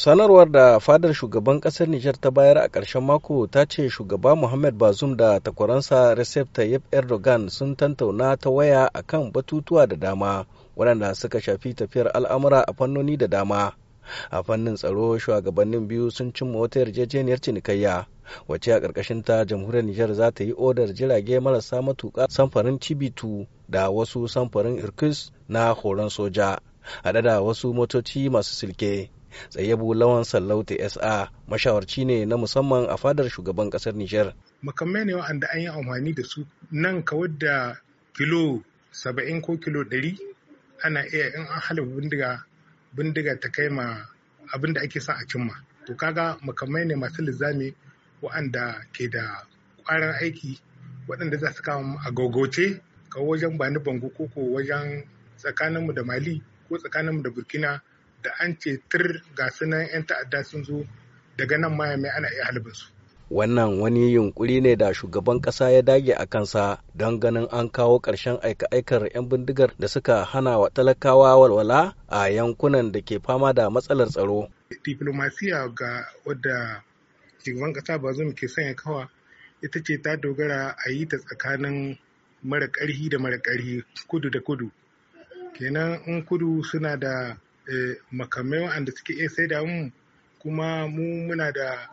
sanarwar da fadar shugaban kasar Nijar ta bayar a ƙarshen mako ta ce shugaba Muhammad Bazoum da takwaransa Recep Tayyip Erdogan sun tantauna ta waya a kan batutuwa da dama waɗanda suka shafi tafiyar al'amura a fannoni da dama. A fannin tsaro shugabannin biyu sun cimma wata yarjejeniyar cinikayya wacce a ƙarƙashin ta jamhuriyar Nijar za ta yi odar jirage marasa matuka? samfarin Cibitu da wasu samfarin Irkutsk na horon soja. haɗe da wasu motoci masu silke Tsayyabu Lawan Sallauta SA mashawarci ne na musamman a fadar shugaban kasar Nijar. Makamai ne wa'anda an yi amfani da su nan kawar da kilo 70 ko kilo ɗari ana iya in an halin bindiga bindiga ta kai ma abin da ake sa a cimma. To kaga makamai ne masu lizami wa'anda ke da ƙwarar aiki waɗanda za su kawo a gogoce ka wajen bani bango ko wajen tsakaninmu da mali ko tsakaninmu da burkina da an ce tir ga sunan 'yan ta'adda sun zo daga nan mayami ana iya halbin Wannan wani yunkuri ne da shugaban ƙasa ya dage a kansa don ganin an kawo ƙarshen aika-aikar 'yan bindigar da suka hana wa talakawa walwala a yankunan da ke fama da matsalar tsaro. Diplomasiya ga wadda shugaban ƙasa zo ke sanya kawa ita ce ta dogara a yi ta tsakanin mara karhi da mara karhi kudu da kudu. Kenan in kudu suna da Eh, makamai waɗanda suke iya saida mu kuma mu muna da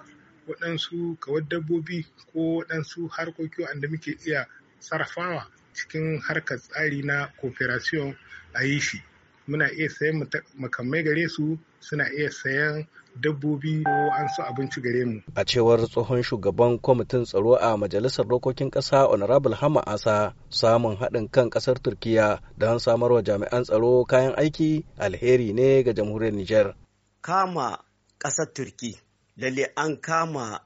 waɗansu kawar dabbobi ko waɗansu harkoki waɗanda muke iya sarrafawa cikin harkar tsari na cooperation a yi shi muna iya sayan makamai gare su suna iya sayan dabbobi ko an su abinci gare mu. A cewar tsohon shugaban kwamitin tsaro a majalisar dokokin ƙasa Honorable Hama Asa samun haɗin kan ƙasar Turkiya don samar wa jami'an tsaro kayan aiki alheri ne ga jamhuriyar Nijar. Kama ƙasar Turki lalle an kama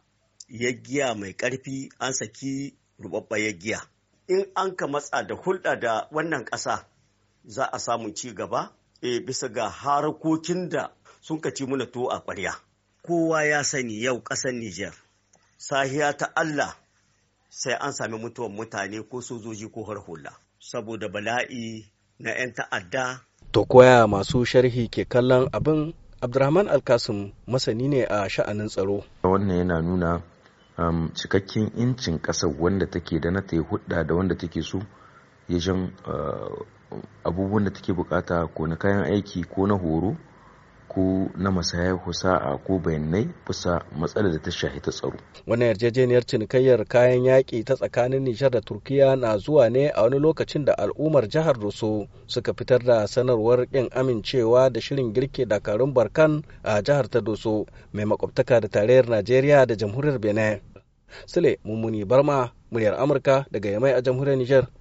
yagiya mai ƙarfi an saki rubabba yaggiya. In an ka matsa da hulɗa da wannan ƙasa za a samu ci gaba e, bisa ga harkokin da sun kaci muna to a ƙwarya. Kowa ya sani yau ƙasar Nijar, sahiya ta Allah sai an sami mutuwan mutane ko sojoji ko harhula, saboda bala'i na 'yan ta'adda. To koya masu sharhi ke kallon abin Abdurrahman Alkasim masani ne a sha'anin tsaro. Wannan yana nuna um, cikakken incin ƙasar wanda take da na ta hudda da wanda take so. ya jan eh, abubuwan da take bukata ko na kayan aiki ko na horo ko na masaya sa'a ko bayanai kusa matsalar da ta shahi ta tsaro. Wannan yarjejeniyar cinikayyar kayan yaƙi ta tsakanin Nijar da Turkiya na zuwa ne a wani lokacin da al'ummar jihar Doso suka fitar da sanarwar ƙin amincewa da shirin girke dakarun Barkan a jihar ta Doso mai makwabtaka da tarayyar Najeriya da jamhuriyar Benin. Sule Mummuni Barma, muryar Amurka daga Yamai a jamhuriyar Nijar.